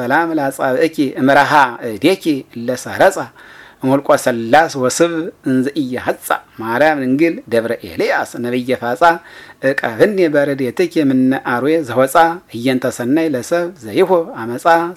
ሰላም ላጻብእኪ እምረሃ እዴኪ ለሳረጻ እሞልቆ ሰላስ ወስብ እንዘ ኢየሐጻ ማርያም ድንግል ደብረ ኤልያስ ነቢየ ፋጻ እቀብኒ በረድኤትኪ ምነ አርዌ ዘወፃ እየንተ ለሰብ ዘይሆ አመፃ